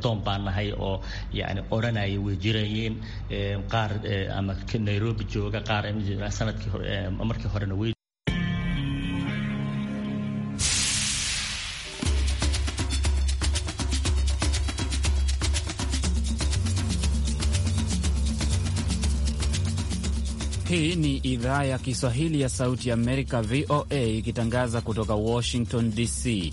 toon baan nahay oo yani oranaya way jirayeen eh, qaar eh, ama nairobi jooga qaar sanadkii hore eh, markii horena way Hii ni idhaa ya Kiswahili ya Sauti ya Amerika, VOA, ikitangaza kutoka Washington DC.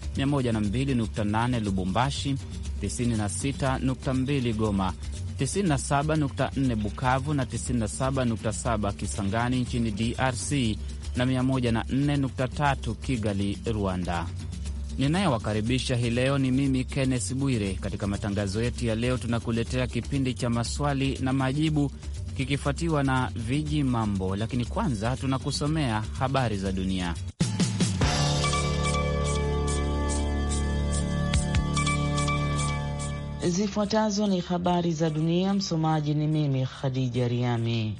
102.8 Lubumbashi, 96.2 Goma, 97.4 Bukavu na 97.7 Kisangani nchini DRC na 104.3 Kigali, Rwanda. Ninayewakaribisha hii leo ni mimi Kenneth Bwire. Katika matangazo yetu ya leo, tunakuletea kipindi cha maswali na majibu kikifuatiwa na viji mambo, lakini kwanza tunakusomea habari za dunia. Zifuatazo ni habari za dunia. Msomaji ni mimi Khadija Riami.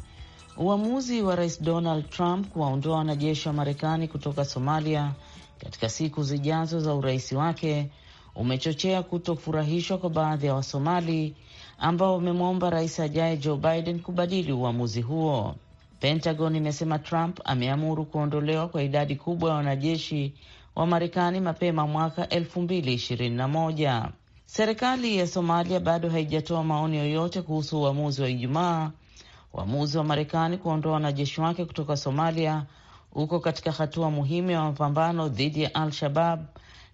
Uamuzi wa Rais Donald Trump kuwaondoa wanajeshi wa Marekani kutoka Somalia katika siku zijazo za urais wake umechochea kutofurahishwa kwa baadhi ya Wasomali ambao wamemwomba rais ajaye Joe Biden kubadili uamuzi huo. Pentagon imesema Trump ameamuru kuondolewa kwa idadi kubwa ya wanajeshi wa Marekani mapema mwaka 2021. Serikali ya Somalia bado haijatoa maoni yoyote kuhusu uamuzi wa Ijumaa, uamuzi wa Marekani kuondoa wanajeshi wake kutoka Somalia uko katika hatua muhimu ya mapambano dhidi ya Al-Shabab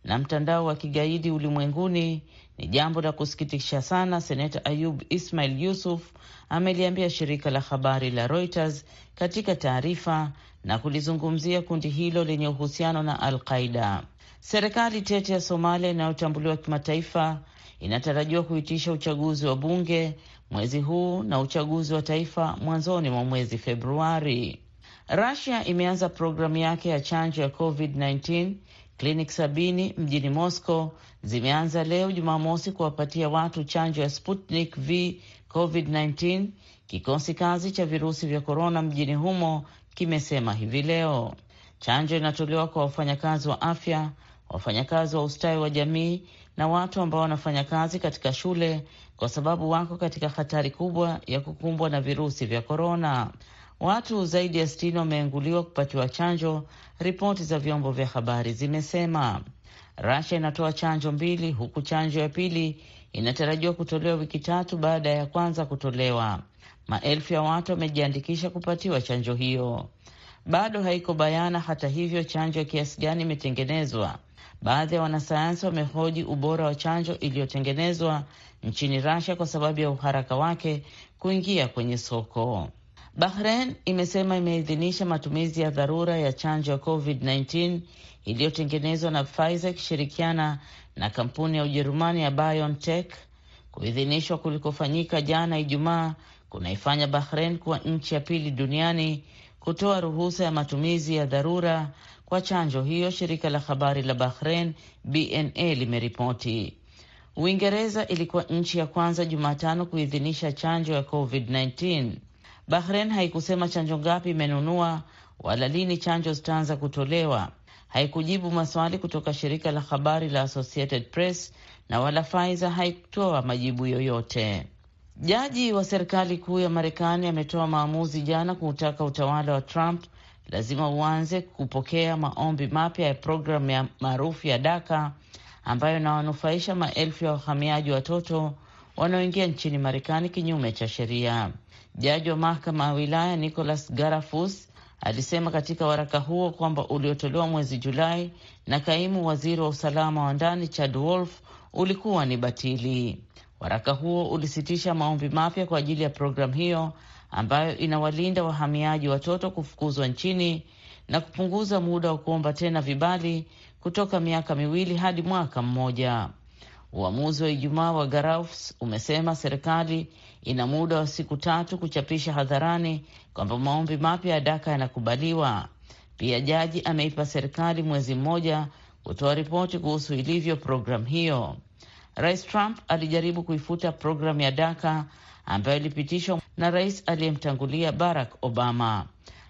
na mtandao wa kigaidi ulimwenguni. Ni jambo la kusikitisha sana, Seneta Ayub Ismail Yusuf ameliambia shirika la habari la Reuters katika taarifa na kulizungumzia kundi hilo lenye uhusiano na Al-Qaida. Serikali tete ya Somalia inayotambuliwa kimataifa inatarajiwa kuitisha uchaguzi wa bunge mwezi huu na uchaguzi wa taifa mwanzoni mwa mwezi Februari. rasia imeanza programu yake ya chanjo ya COVID-19. Kliniki sabini mjini Moscow zimeanza leo Jumamosi kuwapatia watu chanjo ya Sputnik V COVID-19. Kikosi kazi cha virusi vya korona mjini humo kimesema hivi leo. Chanjo inatolewa kwa wafanyakazi wa afya, wafanyakazi wa ustawi wa jamii na watu ambao wanafanya kazi katika shule, kwa sababu wako katika hatari kubwa ya kukumbwa na virusi vya korona. Watu zaidi ya sitini wameenguliwa kupatiwa chanjo, ripoti za vyombo vya habari zimesema. Rasia inatoa chanjo mbili, huku chanjo ya pili inatarajiwa kutolewa wiki tatu baada ya kwanza kutolewa. Maelfu ya watu wamejiandikisha kupatiwa chanjo hiyo bado haiko bayana, hata hivyo, chanjo ya kiasi gani imetengenezwa. Baadhi ya wanasayansi wamehoji ubora wa chanjo iliyotengenezwa nchini Russia kwa sababu ya uharaka wake kuingia kwenye soko. Bahrain imesema imeidhinisha matumizi ya dharura ya chanjo ya COVID-19 iliyotengenezwa na Pfizer ikishirikiana na kampuni ya Ujerumani ya BioNTech. Kuidhinishwa kulikofanyika jana Ijumaa kunaifanya Bahrain kuwa nchi ya pili duniani kutoa ruhusa ya matumizi ya dharura kwa chanjo hiyo, shirika la habari la Bahrain BNA limeripoti. Uingereza ilikuwa nchi ya kwanza Jumatano kuidhinisha chanjo ya COVID-19. Bahrain haikusema chanjo ngapi imenunua wala lini chanjo zitaanza kutolewa. Haikujibu maswali kutoka shirika la habari la Associated Press na wala Pfizer haikutoa majibu yoyote. Jaji wa serikali kuu ya Marekani ametoa maamuzi jana kuutaka utawala wa Trump lazima uanze kupokea maombi mapya ya programu ya maarufu ya daka ambayo inawanufaisha maelfu ya wahamiaji watoto wanaoingia nchini Marekani kinyume cha sheria. Jaji wa mahakama ya wilaya Nicholas Garafus alisema katika waraka huo kwamba uliotolewa mwezi Julai na kaimu waziri wa usalama wa ndani Chad Wolf ulikuwa ni batili. Waraka huo ulisitisha maombi mapya kwa ajili ya programu hiyo ambayo inawalinda wahamiaji watoto kufukuzwa nchini na kupunguza muda wa kuomba tena vibali kutoka miaka miwili hadi mwaka mmoja. Uamuzi wa Ijumaa wa Garaus umesema serikali ina muda wa siku tatu kuchapisha hadharani kwamba maombi mapya ya daka yanakubaliwa. Pia jaji ameipa serikali mwezi mmoja kutoa ripoti kuhusu ilivyo programu hiyo. Rais Trump alijaribu kuifuta programu ya Daka ambayo ilipitishwa na rais aliyemtangulia Barack Obama,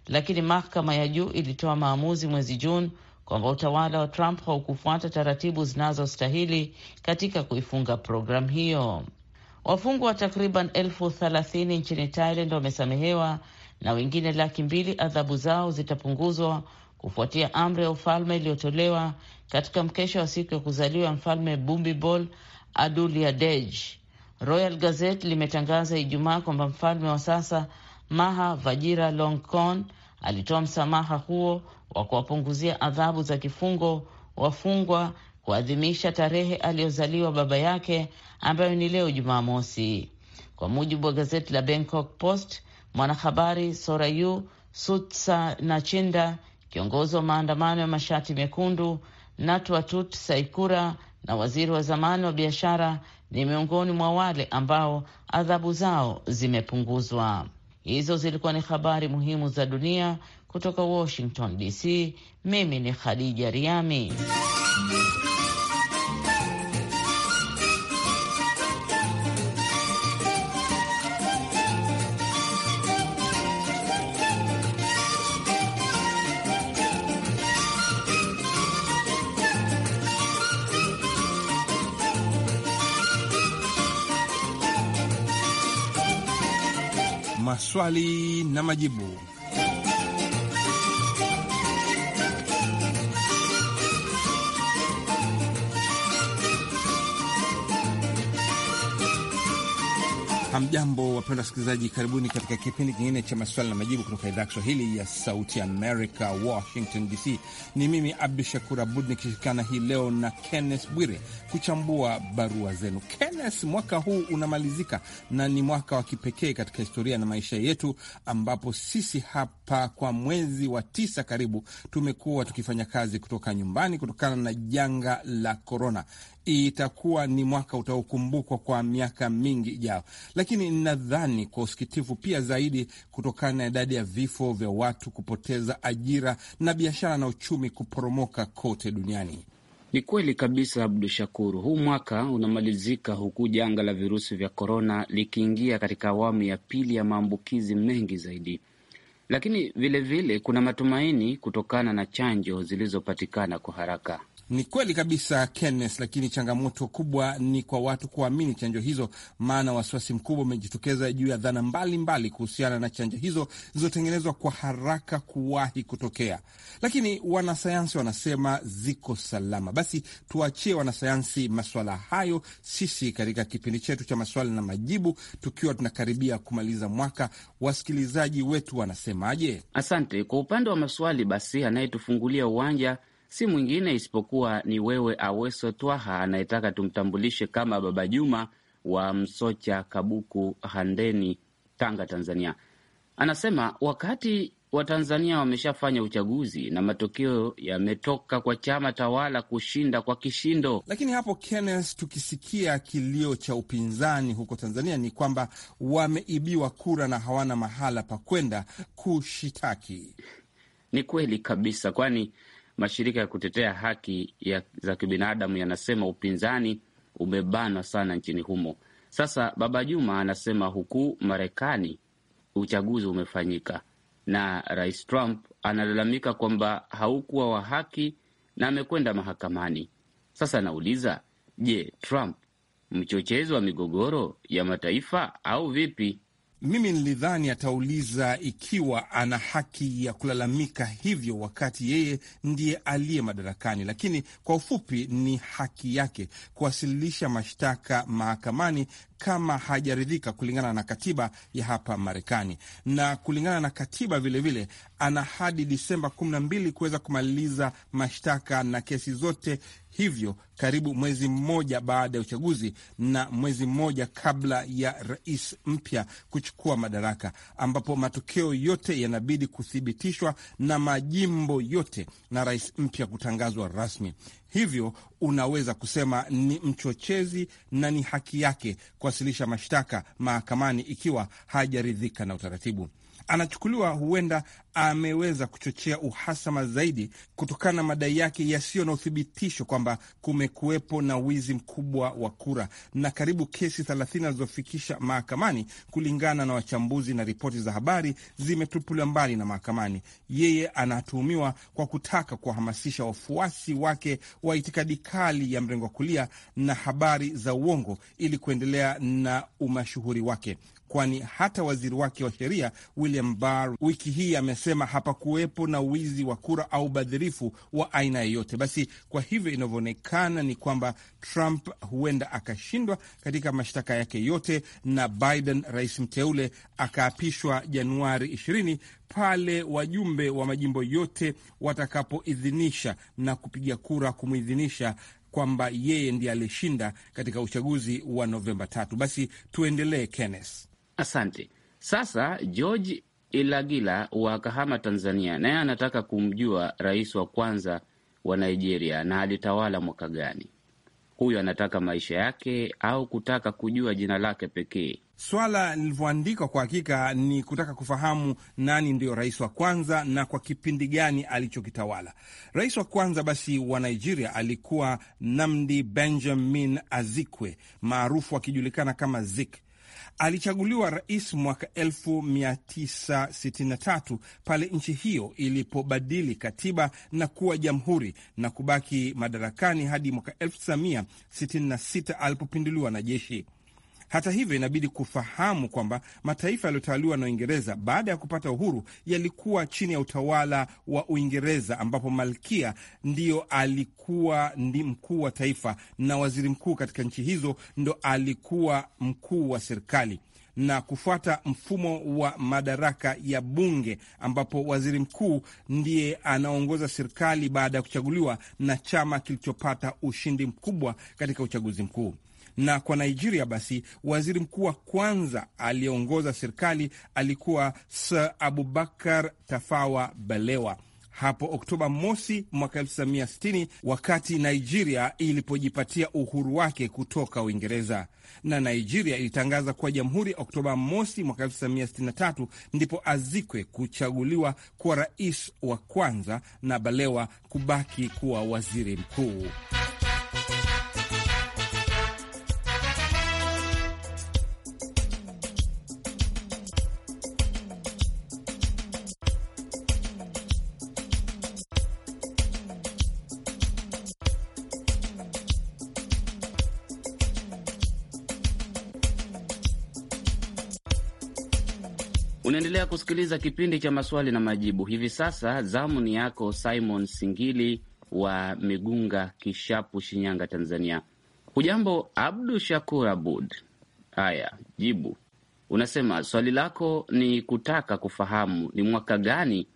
lakini mahakama ya juu ilitoa maamuzi mwezi Juni kwamba utawala wa Trump haukufuata taratibu zinazostahili katika kuifunga programu hiyo. Wafungwa wa takriban elfu thelathini nchini Thailand wamesamehewa na wengine laki mbili adhabu zao zitapunguzwa kufuatia amri ya ufalme iliyotolewa katika mkesha wa siku ya kuzaliwa mfalme Bumibol Adulia Dej. Royal Gazette limetangaza Ijumaa kwamba mfalme wa sasa Maha vajira Vajiralongkorn alitoa msamaha huo wa kuwapunguzia adhabu za kifungo wafungwa kuadhimisha tarehe aliyozaliwa baba yake ambayo ni leo Jumamosi, kwa mujibu wa gazeti la Bangkok Post. Mwanahabari Sorayu Sutsa Nachinda, kiongozi wa maandamano ya mashati mekundu, Natwatut Saikura na waziri wa zamani wa biashara ni miongoni mwa wale ambao adhabu zao zimepunguzwa. Hizo zilikuwa ni habari muhimu za dunia kutoka Washington DC. Mimi ni Khadija Riami. maswali na majibu. Hamjambo, wapenda wasikilizaji, karibuni katika kipindi kingine cha maswali na majibu kutoka idhaa ya Kiswahili ya Sauti Amerika, Washington DC. Ni mimi Abdu Shakur Abud nikishirikana hii leo na Kennes Bwire kuchambua barua zenu. Kennes, mwaka huu unamalizika na ni mwaka wa kipekee katika historia na maisha yetu, ambapo sisi hapa kwa mwezi wa tisa karibu tumekuwa tukifanya kazi kutoka nyumbani kutokana na janga la korona itakuwa ni mwaka utaokumbukwa kwa miaka mingi ijao lakini nadhani kwa usikitivu pia zaidi, kutokana na idadi ya vifo vya watu, kupoteza ajira na biashara na uchumi kuporomoka kote duniani. Ni kweli kabisa, Abdu Shakuru. Huu mwaka unamalizika huku janga la virusi vya korona likiingia katika awamu ya pili ya maambukizi mengi zaidi, lakini vilevile vile kuna matumaini kutokana na chanjo zilizopatikana kwa haraka. Ni kweli kabisa Kenneth, lakini changamoto kubwa ni kwa watu kuamini chanjo hizo, maana wasiwasi mkubwa umejitokeza juu ya dhana mbalimbali kuhusiana na chanjo hizo zilizotengenezwa kwa haraka kuwahi kutokea, lakini wanasayansi wanasema ziko salama. Basi tuachie wanasayansi maswala hayo. Sisi katika kipindi chetu cha maswali na majibu, tukiwa tunakaribia kumaliza mwaka, wasikilizaji wetu wanasemaje? Asante. Kwa upande wa maswali, basi anayetufungulia uwanja si mwingine isipokuwa ni wewe Aweso Twaha anayetaka tumtambulishe kama Baba Juma wa Msocha Kabuku, Handeni, Tanga, Tanzania. Anasema wakati Watanzania wameshafanya uchaguzi na matokeo yametoka kwa chama tawala kushinda kwa kishindo. Lakini hapo, Kenneth, tukisikia kilio cha upinzani huko Tanzania ni kwamba wameibiwa kura na hawana mahala pa kwenda kushitaki. Ni kweli kabisa, kwani mashirika ya kutetea haki ya, za kibinadamu yanasema upinzani umebanwa sana nchini humo. Sasa Baba Juma anasema huku Marekani uchaguzi umefanyika na Rais Trump analalamika kwamba haukuwa wa haki na amekwenda mahakamani. Sasa nauliza, je, Trump mchochezi wa migogoro ya mataifa au vipi? Mimi nilidhani atauliza ikiwa ana haki ya kulalamika hivyo, wakati yeye ndiye aliye madarakani, lakini kwa ufupi, ni haki yake kuwasilisha mashtaka mahakamani kama hajaridhika, kulingana na katiba ya hapa Marekani. Na kulingana na katiba vilevile vile, ana hadi Disemba 12 kuweza kumaliza mashtaka na kesi zote, hivyo karibu mwezi mmoja baada ya uchaguzi na mwezi mmoja kabla ya rais mpya kuchukua madaraka, ambapo matokeo yote yanabidi kuthibitishwa na majimbo yote na rais mpya kutangazwa rasmi. Hivyo unaweza kusema ni mchochezi na ni haki yake kuwasilisha mashtaka mahakamani ikiwa hajaridhika na utaratibu anachukuliwa huenda ameweza kuchochea uhasama zaidi kutokana na madai yake yasiyo na uthibitisho kwamba kumekuwepo na wizi mkubwa wa kura na karibu kesi thelathini alizofikisha mahakamani, kulingana na wachambuzi na ripoti za habari zimetupuliwa mbali na mahakamani. Yeye anatuhumiwa kwa kutaka kuwahamasisha wafuasi wake wa itikadi kali ya mrengo wa kulia na habari za uongo ili kuendelea na umashuhuri wake kwani hata waziri wake wa sheria William Barr wiki hii amesema hapakuwepo na wizi wa kura au ubadhirifu wa aina yoyote. Basi kwa hivyo inavyoonekana ni kwamba Trump huenda akashindwa katika mashtaka yake yote, na Biden rais mteule akaapishwa Januari 20 pale wajumbe wa majimbo yote watakapoidhinisha na kupiga kura kumwidhinisha kwamba yeye ndiye alishinda katika uchaguzi wa Novemba tatu. Basi tuendelee, Kenneth. Asante. Sasa George Ilagila wa Kahama, Tanzania, naye anataka kumjua rais wa kwanza wa Nigeria na alitawala mwaka gani. Huyu anataka maisha yake au kutaka kujua jina lake pekee? Swala lilivyoandikwa kwa hakika ni kutaka kufahamu nani ndiyo rais wa kwanza na kwa kipindi gani alichokitawala. Rais wa kwanza basi wa Nigeria alikuwa Namdi Benjamin Azikwe, maarufu akijulikana kama Zik. Alichaguliwa rais mwaka 1963 pale nchi hiyo ilipobadili katiba na kuwa jamhuri na kubaki madarakani hadi mwaka 1966 alipopinduliwa na jeshi. Hata hivyo, inabidi kufahamu kwamba mataifa yaliyotawaliwa na Uingereza baada ya kupata uhuru yalikuwa chini ya utawala wa Uingereza, ambapo malkia ndiyo alikuwa ndi mkuu wa taifa na waziri mkuu katika nchi hizo ndo alikuwa mkuu wa serikali na kufuata mfumo wa madaraka ya bunge ambapo waziri mkuu ndiye anaongoza serikali baada ya kuchaguliwa na chama kilichopata ushindi mkubwa katika uchaguzi mkuu. Na kwa Nigeria basi, waziri mkuu wa kwanza aliyeongoza serikali alikuwa Sir Abubakar Tafawa Balewa hapo Oktoba mosi mwaka 1960 wakati Nigeria ilipojipatia uhuru wake kutoka Uingereza. Na Nigeria ilitangaza kuwa jamhuri Oktoba mosi mwaka 1963, ndipo azikwe kuchaguliwa kuwa rais wa kwanza na Balewa kubaki kuwa waziri mkuu. Unaendelea kusikiliza kipindi cha maswali na majibu. Hivi sasa zamu ni yako Simon Singili wa Migunga, Kishapu, Shinyanga, Tanzania. Hujambo Abdu Shakur Abud. Haya, jibu. Unasema swali lako ni kutaka kufahamu ni mwaka gani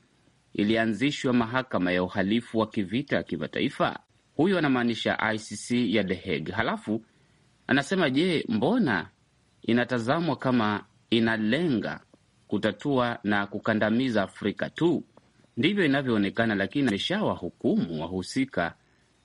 ilianzishwa mahakama ya uhalifu wa kivita kimataifa. Huyu anamaanisha ICC ya The Hague. Halafu anasema je, mbona inatazamwa kama inalenga kutatua na kukandamiza Afrika tu. Ndivyo inavyoonekana, lakini ameshawahukumu wahusika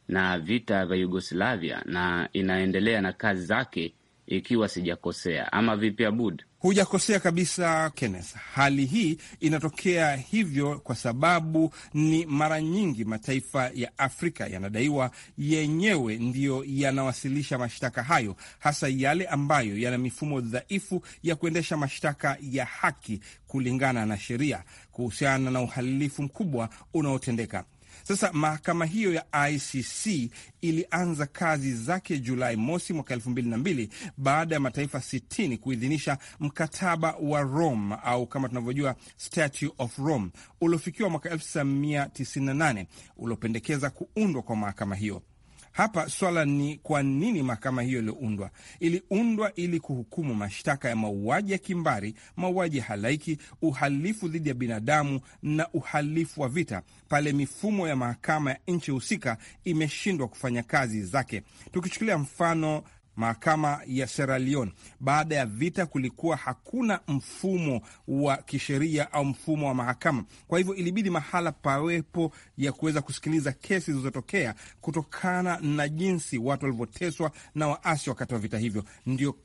na vita vya Yugoslavia na inaendelea na kazi zake, ikiwa sijakosea. Ama vipi, Abud? Hujakosea kabisa Kenneth. Hali hii inatokea hivyo kwa sababu ni mara nyingi mataifa ya Afrika yanadaiwa yenyewe ndiyo yanawasilisha mashtaka hayo, hasa yale ambayo yana mifumo dhaifu ya kuendesha mashtaka ya haki kulingana na sheria kuhusiana na uhalifu mkubwa unaotendeka. Sasa mahakama hiyo ya ICC ilianza kazi zake Julai mosi mwaka elfu mbili na mbili baada ya mataifa sitini kuidhinisha mkataba wa Rome au kama tunavyojua Statue of Rome uliofikiwa mwaka nane uliopendekeza kuundwa kwa mahakama hiyo. Hapa swala ni kwa nini mahakama hiyo iliundwa. Iliundwa ili kuhukumu mashtaka ya mauaji ya kimbari, mauaji ya halaiki, uhalifu dhidi ya binadamu na uhalifu wa vita, pale mifumo ya mahakama ya nchi husika imeshindwa kufanya kazi zake. Tukichukulia mfano mahakama ya Sierra Leone. Baada ya vita, kulikuwa hakuna mfumo wa kisheria au mfumo wa mahakama, kwa hivyo ilibidi mahala pawepo ya kuweza kusikiliza kesi zilizotokea kutokana na jinsi watu walivyoteswa na waasi wakati wa vita hivyo. Ndio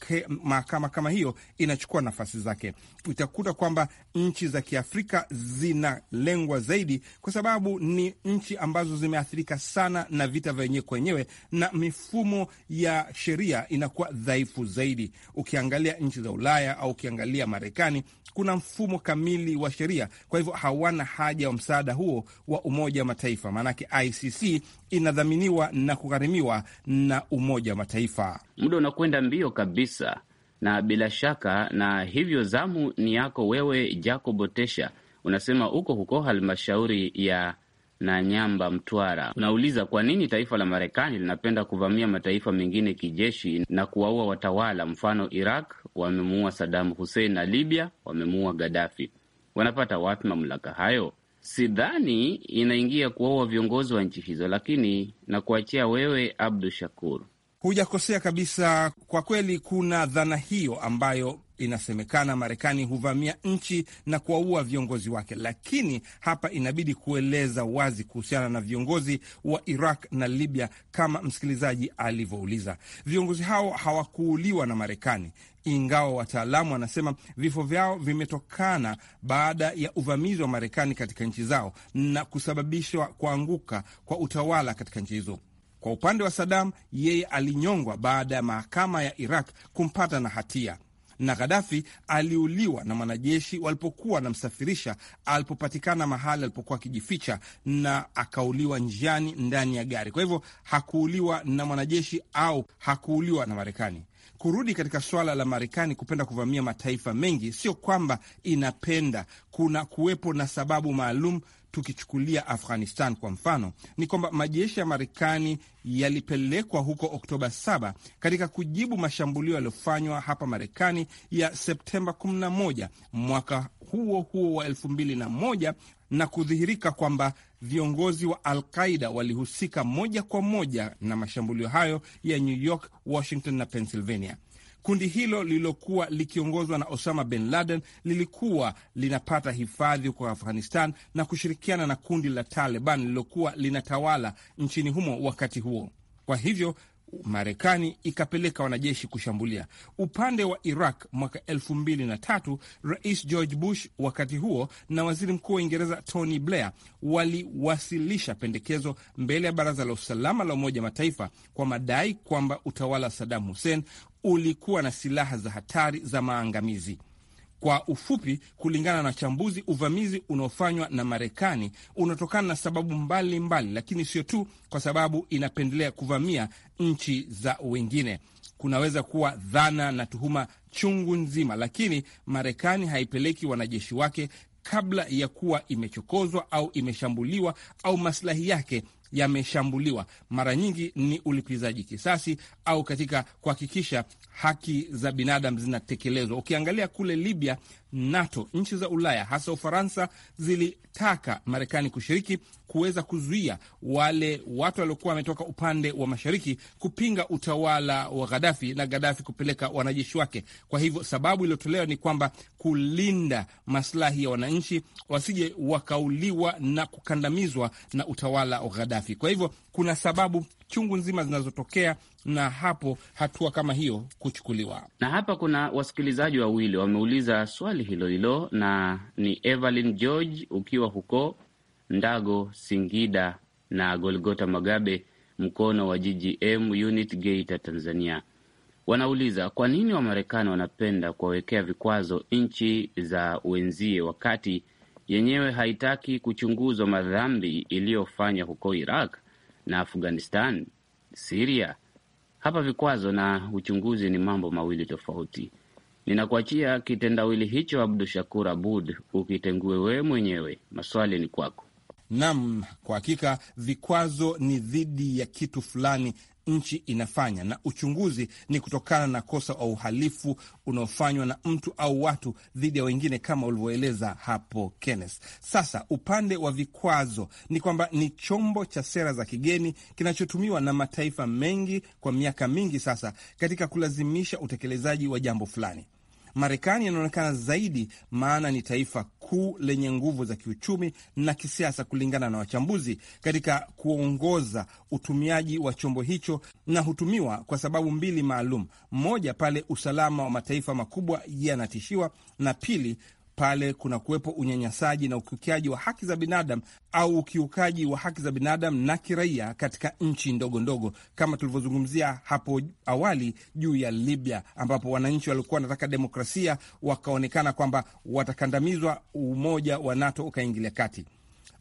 mahakama kama hiyo inachukua nafasi zake. Utakuta kwamba nchi za Kiafrika zinalengwa zaidi, kwa sababu ni nchi ambazo zimeathirika sana na vita vyenyewe kwenyewe na mifumo ya sheria inakuwa dhaifu zaidi. Ukiangalia nchi za Ulaya au ukiangalia Marekani, kuna mfumo kamili wa sheria, kwa hivyo hawana haja wa msaada huo wa Umoja wa Mataifa, maanake ICC inadhaminiwa na kugharimiwa na Umoja wa Mataifa. Muda unakwenda mbio kabisa, na bila shaka, na hivyo zamu ni yako wewe, Jacob Otesha. Unasema huko huko halmashauri ya na Nyamba, Mtwara. unauliza kwa nini taifa la Marekani linapenda kuvamia mataifa mengine kijeshi na kuwaua watawala. Mfano, Iraq wamemuua Sadamu Hussein na Libya wamemuua Gadafi. Wanapata wapi mamlaka hayo? Sidhani inaingia kuwaua viongozi wa nchi hizo, lakini na kuachia wewe Abdu Shakur. Hujakosea kabisa. Kwa kweli, kuna dhana hiyo ambayo inasemekana Marekani huvamia nchi na kuwaua viongozi wake, lakini hapa inabidi kueleza wazi kuhusiana na viongozi wa Iraq na Libya. Kama msikilizaji alivyouliza, viongozi hao hawakuuliwa na Marekani, ingawa wataalamu wanasema vifo vyao vimetokana baada ya uvamizi wa Marekani katika nchi zao na kusababishwa kuanguka kwa utawala katika nchi hizo. Kwa upande wa sadam yeye alinyongwa baada ya mahakama ya Iraq kumpata na hatia, na Ghadafi aliuliwa na mwanajeshi walipokuwa wanamsafirisha, alipopatikana mahali alipokuwa akijificha, na akauliwa njiani ndani ya gari. Kwa hivyo hakuuliwa na mwanajeshi au hakuuliwa na Marekani. Kurudi katika suala la Marekani kupenda kuvamia mataifa mengi, sio kwamba inapenda, kuna kuwepo na sababu maalum tukichukulia Afghanistan kwa mfano, ni kwamba majeshi ya Marekani yalipelekwa huko Oktoba 7 katika kujibu mashambulio yaliyofanywa hapa Marekani ya Septemba 11 mwaka huo huo wa 2001 na kudhihirika kwamba viongozi wa Alqaida walihusika moja kwa moja na mashambulio hayo ya New York, Washington na Pennsylvania. Kundi hilo lililokuwa likiongozwa na Osama bin Laden lilikuwa linapata hifadhi huko Afghanistan na kushirikiana na kundi la Taliban lililokuwa linatawala nchini humo wakati huo. Kwa hivyo Marekani ikapeleka wanajeshi kushambulia upande wa Iraq mwaka elfu mbili na tatu. Rais George Bush wakati huo na waziri mkuu wa Uingereza Tony Blair waliwasilisha pendekezo mbele ya Baraza la Usalama la Umoja Mataifa kwa madai kwamba utawala wa Saddam Hussein ulikuwa na silaha za hatari za maangamizi. Kwa ufupi, kulingana na wachambuzi, uvamizi unaofanywa na Marekani unatokana na sababu mbalimbali mbali, lakini sio tu kwa sababu inapendelea kuvamia nchi za wengine. Kunaweza kuwa dhana na tuhuma chungu nzima, lakini Marekani haipeleki wanajeshi wake kabla ya kuwa imechokozwa au imeshambuliwa au maslahi yake yameshambuliwa, mara nyingi ni ulipizaji kisasi au katika kuhakikisha haki za binadamu zinatekelezwa. Ukiangalia kule Libya NATO, nchi za Ulaya hasa Ufaransa zilitaka Marekani kushiriki kuweza kuzuia wale watu waliokuwa wametoka upande wa mashariki kupinga utawala wa ghadafi na ghadafi kupeleka wanajeshi wake. Kwa hivyo sababu iliyotolewa ni kwamba kulinda maslahi ya wananchi wasije wakauliwa na kukandamizwa na utawala wa ghadafi Kwa hivyo kuna sababu chungu nzima zinazotokea na hapo hatua kama hiyo kuchukuliwa. Na hapa kuna wasikilizaji wawili wameuliza swali hilo hilo, na ni Evelyn George ukiwa huko Ndago, Singida, na Golgota Magabe, mkono wa GGM unit Geita, Tanzania. Wanauliza, kwa nini Wamarekani wanapenda kuwawekea vikwazo nchi za wenzie wakati yenyewe haitaki kuchunguzwa madhambi iliyofanya huko Iraq na Afghanistan, Siria hapa vikwazo na uchunguzi ni mambo mawili tofauti. Ninakuachia kitendawili hicho, Abdu Shakur Abud, ukitengue wewe mwenyewe. Maswali ni kwako. Nam, kwa hakika vikwazo ni dhidi ya kitu fulani nchi inafanya, na uchunguzi ni kutokana na kosa wa uhalifu unaofanywa na mtu au watu dhidi ya wengine, kama ulivyoeleza hapo Kenneth. Sasa upande wa vikwazo ni kwamba ni chombo cha sera za kigeni kinachotumiwa na mataifa mengi kwa miaka mingi sasa katika kulazimisha utekelezaji wa jambo fulani. Marekani inaonekana zaidi, maana ni taifa kuu lenye nguvu za kiuchumi na kisiasa, kulingana na wachambuzi, katika kuongoza utumiaji wa chombo hicho, na hutumiwa kwa sababu mbili maalum: moja, pale usalama wa mataifa makubwa yanatishiwa, na pili pale kuna kuwepo unyanyasaji na ukiukiaji wa haki za binadamu au ukiukaji wa haki za binadamu na kiraia katika nchi ndogo ndogo, kama tulivyozungumzia hapo awali juu ya Libya, ambapo wananchi walikuwa wanataka demokrasia wakaonekana kwamba watakandamizwa, umoja wa NATO ukaingilia kati.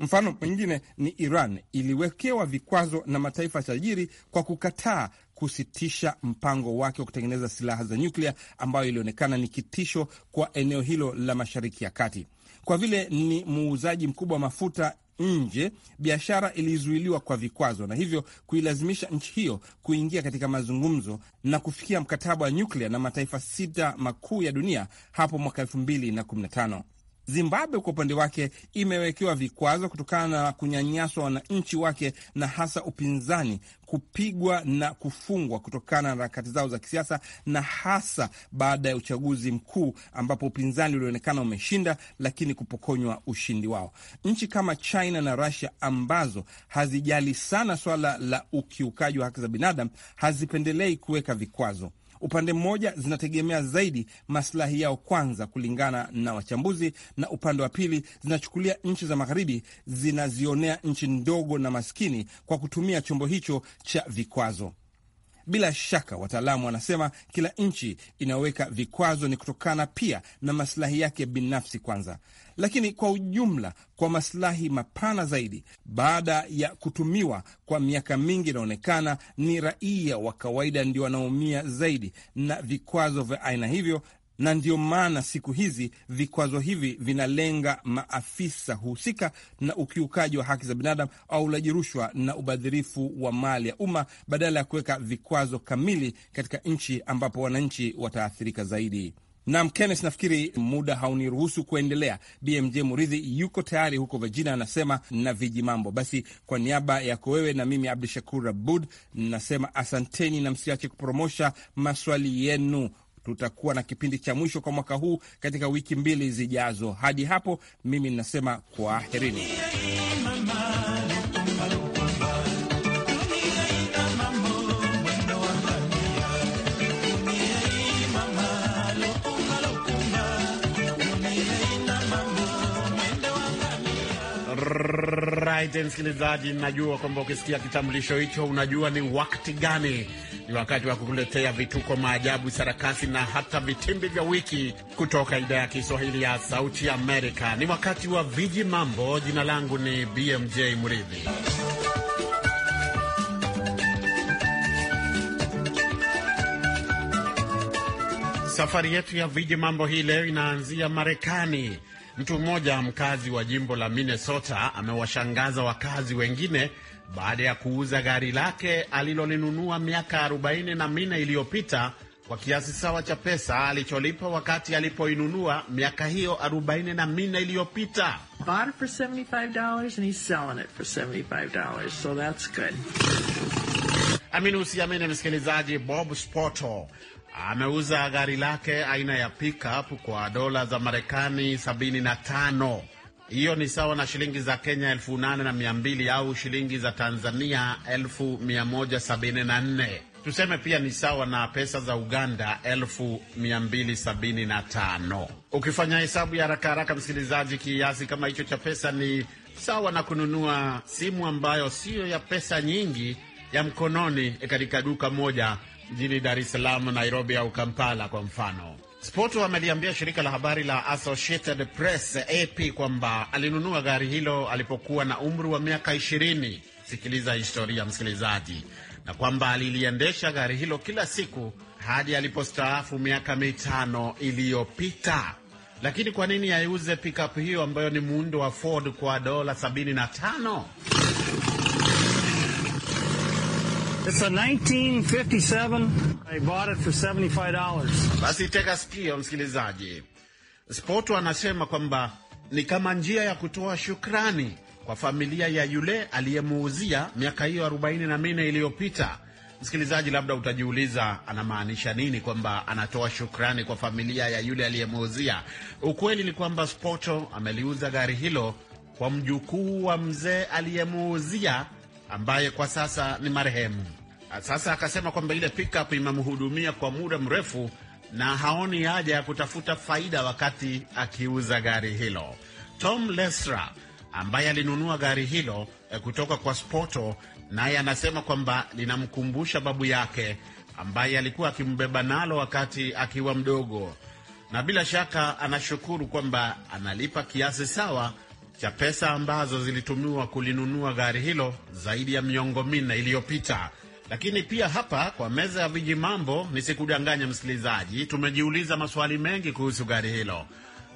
Mfano mwingine ni Iran iliwekewa vikwazo na mataifa tajiri kwa kukataa kusitisha mpango wake wa kutengeneza silaha za nyuklia ambayo ilionekana ni kitisho kwa eneo hilo la Mashariki ya Kati. Kwa vile ni muuzaji mkubwa wa mafuta nje, biashara ilizuiliwa kwa vikwazo na hivyo kuilazimisha nchi hiyo kuingia katika mazungumzo na kufikia mkataba wa nyuklia na mataifa sita makuu ya dunia hapo mwaka 2015. Zimbabwe kwa upande wake imewekewa vikwazo kutokana na kunyanyaswa wananchi wake na hasa upinzani, kupigwa na kufungwa kutokana na harakati zao za kisiasa, na hasa baada ya uchaguzi mkuu ambapo upinzani ulionekana umeshinda, lakini kupokonywa ushindi wao. Nchi kama China na Russia ambazo hazijali sana swala la ukiukaji wa haki za binadamu hazipendelei kuweka vikwazo upande mmoja zinategemea zaidi maslahi yao kwanza, kulingana na wachambuzi, na upande wa pili zinachukulia nchi za magharibi zinazionea nchi ndogo na maskini kwa kutumia chombo hicho cha vikwazo. Bila shaka, wataalamu wanasema kila nchi inaweka vikwazo ni kutokana pia na masilahi yake binafsi kwanza, lakini kwa ujumla, kwa masilahi mapana zaidi, baada ya kutumiwa kwa miaka mingi, inaonekana ni raia wa kawaida ndio wanaumia zaidi na vikwazo vya aina hivyo, na ndiyo maana siku hizi vikwazo hivi vinalenga maafisa husika na ukiukaji wa haki za binadamu au ulaji rushwa na ubadhirifu wa mali ya umma badala ya kuweka vikwazo kamili katika nchi ambapo wananchi wataathirika zaidi. Nam Kennes, nafikiri muda hauniruhusu kuendelea. BMJ Muridhi yuko tayari huko Virginia, anasema na viji mambo. Basi kwa niaba yako wewe na mimi Abdu Shakur Abud nasema asanteni, na msiache kupromosha maswali yenu tutakuwa na kipindi cha mwisho kwa mwaka huu katika wiki mbili zijazo. Hadi hapo mimi ninasema kwaherini. right, msikilizaji, najua kwamba ukisikia kitambulisho hicho unajua ni wakati gani. Ni wakati wa kukuletea vituko, maajabu, sarakasi na hata vitimbi vya wiki kutoka idhaa ya Kiswahili ya Sauti Amerika. Ni wakati wa viji mambo. Jina langu ni BMJ Mridhi. Safari yetu ya viji mambo hii leo inaanzia Marekani Mtu mmoja mkazi wa jimbo la Minnesota amewashangaza wakazi wengine baada ya kuuza gari lake alilolinunua miaka arobaini na minne iliyopita kwa kiasi sawa cha pesa alicholipa wakati alipoinunua miaka hiyo arobaini na minne iliyopita. Amini usiamini, msikilizaji, Bob Spoto ameuza gari lake aina ya pickup kwa dola za Marekani 75. Hiyo ni sawa na shilingi za Kenya 8200 au shilingi za Tanzania 1174. Tuseme pia ni sawa na pesa za Uganda 275. Ukifanya hesabu ya haraka haraka, msikilizaji, kiasi kama hicho cha pesa ni sawa na kununua simu ambayo siyo ya pesa nyingi ya mkononi katika duka moja jijini Dar es Salaam, Nairobi au Kampala kwa mfano. Spoto ameliambia shirika la habari la Associated Press AP kwamba alinunua gari hilo alipokuwa na umri wa miaka 20. Sikiliza historia msikilizaji, na kwamba aliliendesha gari hilo kila siku hadi alipostaafu miaka mitano iliyopita. Lakini kwa nini aiuze pikapu hiyo ambayo ni muundo wa Ford kwa dola 75? It's a 1957. I bought it for $75. Basi teka sikio msikilizaji. Spot anasema kwamba ni kama njia ya kutoa shukrani kwa familia ya yule aliyemuuzia miaka hiyo 44 na iliyopita. Msikilizaji, labda utajiuliza anamaanisha nini kwamba anatoa shukrani kwa familia ya yule aliyemuuzia. Ukweli ni kwamba Spoto ameliuza gari hilo kwa mjukuu wa mzee aliyemuuzia ambaye kwa sasa ni marehemu. Sasa akasema kwamba ile pikapu imemhudumia kwa muda mrefu na haoni haja ya kutafuta faida wakati akiuza gari hilo. Tom Lesra ambaye alinunua gari hilo eh, kutoka kwa Spoto, naye anasema kwamba linamkumbusha babu yake ambaye alikuwa akimbeba nalo wakati akiwa mdogo, na bila shaka anashukuru kwamba analipa kiasi sawa cha pesa ambazo zilitumiwa kulinunua gari hilo zaidi ya miongo minne iliyopita. Lakini pia hapa kwa meza ya viji mambo, nisikudanganye msikilizaji, tumejiuliza maswali mengi kuhusu gari hilo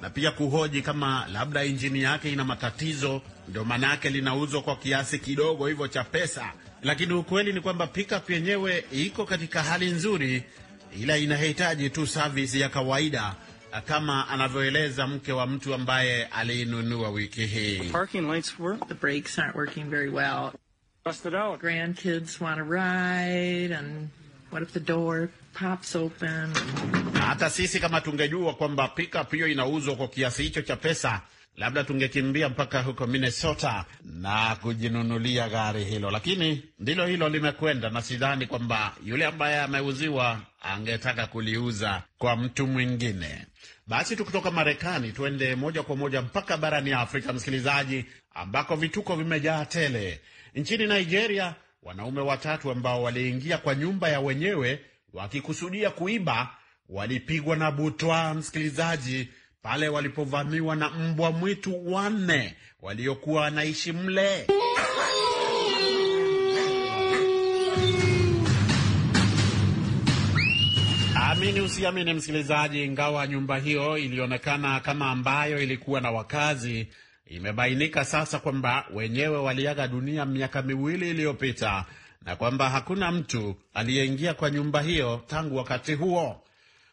na pia kuhoji kama labda injini yake ina matatizo, ndio maanake linauzwa kwa kiasi kidogo hivyo cha pesa. Lakini ukweli ni kwamba pikap yenyewe iko katika hali nzuri, ila inahitaji tu savisi ya kawaida kama anavyoeleza mke wa mtu ambaye aliinunua wiki hii. Hata sisi kama tungejua kwamba pickup hiyo inauzwa kwa kiasi hicho cha pesa, labda tungekimbia mpaka huko Minnesota na kujinunulia gari hilo, lakini ndilo hilo limekwenda, na sidhani kwamba yule ambaye ameuziwa angetaka kuliuza kwa mtu mwingine. Basi tu kutoka Marekani tuende moja kwa moja mpaka barani Afrika, msikilizaji, ambako vituko vimejaa tele. Nchini Nigeria, wanaume watatu ambao waliingia kwa nyumba ya wenyewe wakikusudia kuiba walipigwa na butwa, msikilizaji, pale walipovamiwa na mbwa mwitu wanne waliokuwa wanaishi mle. Amini usiamini, msikilizaji, ingawa nyumba hiyo ilionekana kama ambayo ilikuwa na wakazi, imebainika sasa kwamba wenyewe waliaga dunia miaka miwili iliyopita na kwamba hakuna mtu aliyeingia kwa nyumba hiyo tangu wakati huo.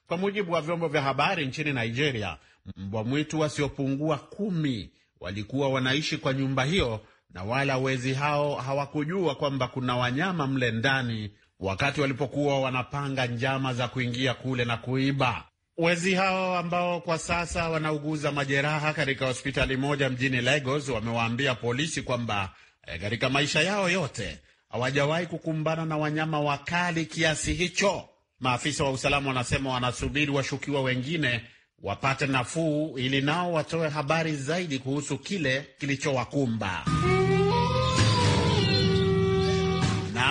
Kwa mujibu wa vyombo vya habari nchini Nigeria, mbwa mwitu wasiopungua kumi walikuwa wanaishi kwa nyumba hiyo, na wala wezi hao hawakujua kwamba kuna wanyama mle ndani wakati walipokuwa wanapanga njama za kuingia kule na kuiba. Wezi hao ambao kwa sasa wanauguza majeraha katika hospitali moja mjini Lagos wamewaambia polisi kwamba e, katika maisha yao yote hawajawahi kukumbana na wanyama wakali kiasi hicho. Maafisa wa usalama wanasema wanasubiri washukiwa wengine wapate nafuu ili nao watoe habari zaidi kuhusu kile kilichowakumba.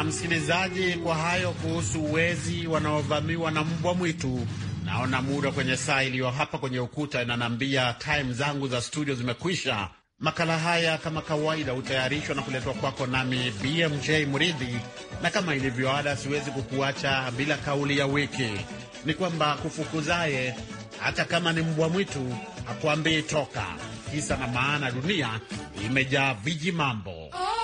msikilizaji, kwa hayo kuhusu wezi wanaovamiwa na mbwa mwitu. Naona muda kwenye saa iliyo hapa kwenye ukuta inanaambia time zangu za studio zimekwisha. Makala haya kama kawaida hutayarishwa na kuletwa kwako nami BMJ Muridhi, na kama ilivyo ada, siwezi kukuacha bila kauli ya wiki. Ni kwamba kufukuzaye, hata kama ni mbwa mwitu, hakuambii toka. Kisa na maana, dunia imejaa viji mambo oh,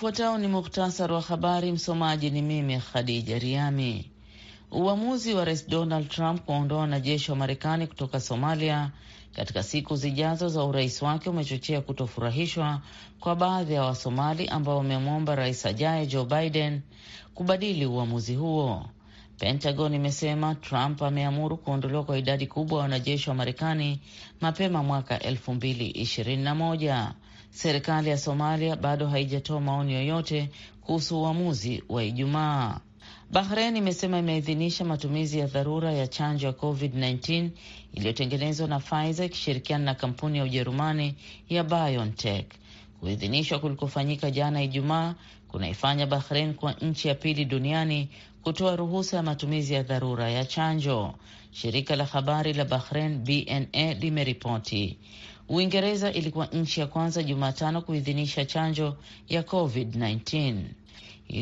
Ufuatao ni muhtasari wa habari. Msomaji ni mimi Khadija Riami. Uamuzi wa rais Donald Trump kuondoa wanajeshi wa Marekani kutoka Somalia katika siku zijazo za urais wake umechochea kutofurahishwa kwa baadhi ya Wasomali ambao wamemwomba rais ajaye Joe Biden kubadili uamuzi huo. Pentagon imesema Trump ameamuru kuondolewa kwa idadi kubwa ya wanajeshi wa Marekani mapema mwaka elfu mbili ishirini na moja serikali ya Somalia bado haijatoa maoni yoyote kuhusu uamuzi wa Ijumaa. bahrein imesema imeidhinisha matumizi ya dharura ya chanjo ya COVID-19 iliyotengenezwa na Pfizer ikishirikiana na kampuni ya Ujerumani ya BioNTech. Kuidhinishwa kulikofanyika jana Ijumaa kunaifanya Bahrein kuwa nchi ya pili duniani kutoa ruhusa ya matumizi ya dharura ya chanjo, shirika la habari la Bahrein BNA limeripoti. Uingereza ilikuwa nchi ya kwanza Jumatano kuidhinisha chanjo ya COVID-19.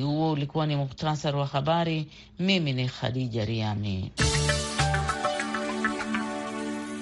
Huo ulikuwa ni muhtasari wa habari. Mimi ni Khadija Riami.